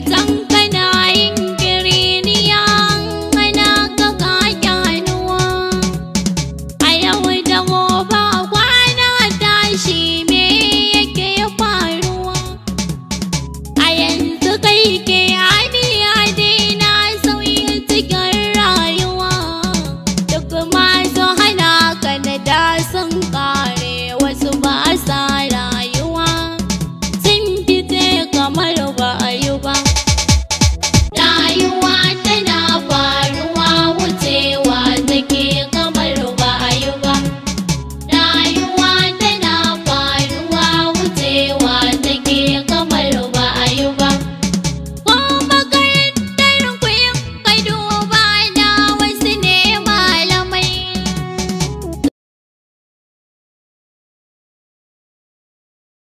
在脏。